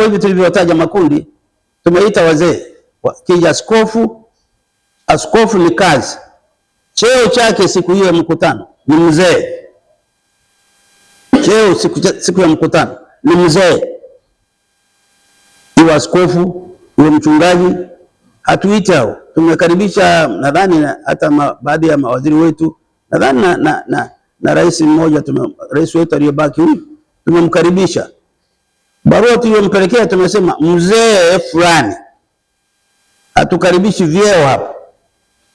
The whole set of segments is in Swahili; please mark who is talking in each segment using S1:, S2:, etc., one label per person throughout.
S1: Hivi tulivyotaja makundi tumeita wazee, kija askofu. Askofu ni kazi, cheo chake siku hiyo ya mkutano ni mzee. Cheo siku, siku ya mkutano ni mzee, iwe askofu iwe mchungaji. Hatuiti hao, tumekaribisha nadhani hata na, baadhi ya mawaziri wetu nadhani na, na, na, na rais mmoja, rais wetu aliyebaki huyu tumemkaribisha. Barua tuliyompelekea tumesema mzee fulani, hatukaribishi vyeo hapa,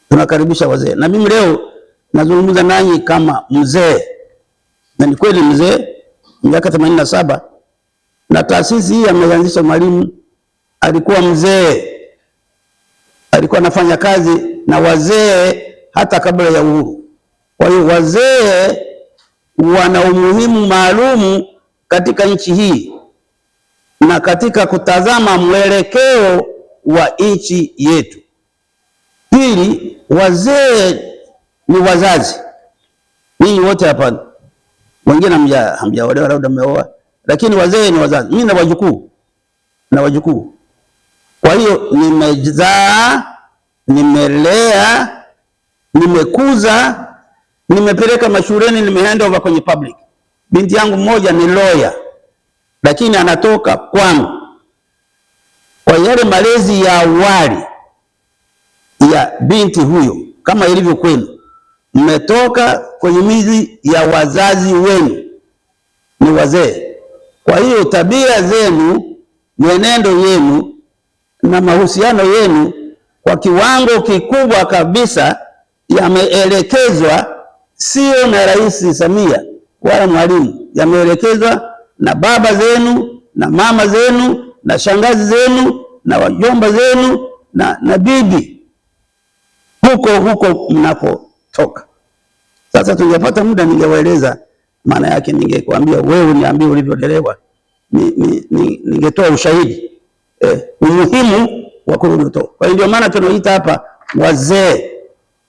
S1: tunakaribisha wazee, na mimi leo nazungumza nanyi kama mzee, na ni kweli mzee, miaka themanini na saba, na taasisi hii ameanzisha Mwalimu alikuwa mzee, alikuwa anafanya kazi na wazee hata kabla ya uhuru. Kwa hiyo wazee wana umuhimu maalumu katika nchi hii na katika kutazama mwelekeo wa nchi yetu. Pili, wazee ni wazazi. Ninyi wote hapa wengine hamjaolewa, labda mmeoa, lakini wazee ni wazazi. Mimi na wajukuu na wajukuu, kwa hiyo nimezaa, nimelea, nimekuza, nimepeleka mashuleni, nimehandover kwenye public. Binti yangu mmoja ni lawyer lakini anatoka kwangu. Kwa yale malezi ya awali ya binti huyo, kama ilivyo kwenu, mmetoka kwenye mizi ya wazazi wenu, ni wazee. Kwa hiyo tabia zenu, mwenendo yenu na mahusiano yenu kwa kiwango kikubwa kabisa yameelekezwa, sio na Rais Samia wala mwalimu, yameelekezwa na baba zenu na mama zenu na shangazi zenu na wajomba zenu na, na bibi huko huko mnapotoka. Sasa tungepata muda ningewaeleza maana yake, ningekuambia wewe niambie ulivyolelewa, ningetoa ushahidi eh, umuhimu wa kurudi utoka. Kwa hiyo ndio maana tunaoita hapa wazee,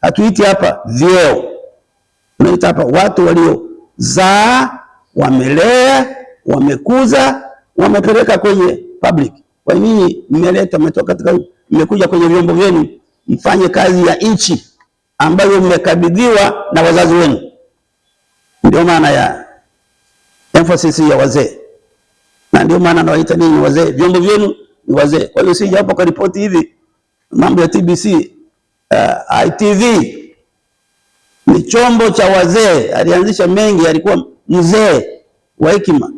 S1: hatuiti hapa vyeo, tunaita hapa watu waliozaa wamelea wamekuza, wamepeleka kwenye public. Kwa nini mmeleta, mmetoka katika, mmekuja kwenye vyombo vyenu mfanye kazi ya nchi ambayo mmekabidhiwa na wazazi wenu? Ndio maana ya emphasis ya wazee, na ndio maana nawaita ninyi wazee, vyombo vyenu ni wazee. Kwa hiyo sija hapo kwa ripoti hivi mambo ya TBC. Uh, ITV ni chombo cha wazee, alianzisha mengi, alikuwa mzee wa hekima.